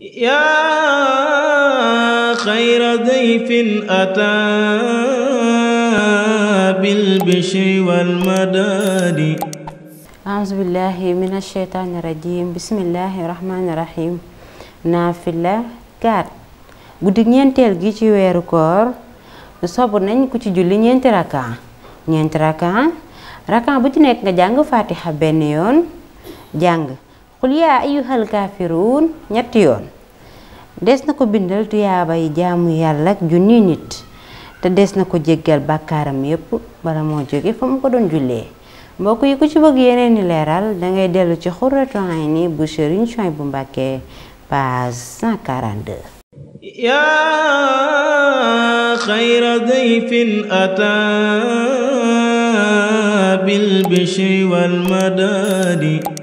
yaa xayra dayfin ataa bil bishri wal madaadi aouzu billahi min asheytaani rajim bismillahi rahmaani rahim naafila 4 guddi ñeenteel gi ci weeru koor sob nañ ku ci julli ñeenti rakaa ñeenti rakaa rakaa bu ci nekk nga jàng faatixa benn yoon jàng xul yaa ayyuhal kaafiruun ñetti yoon des na ko bindal tuyaabay jaamu yàlla junni nit te des na ko jéggal bàkkaaram yépp bala moo jóge fa mu ko doon jullee mbokk yi ku ci bëgg yeneen ni leeral dangay dellu ci Xurratu Ayni bu Sëriñ Suwaybu Mbàkke page 142 yaa xayra dayfin ataa bil bishri wal madaadi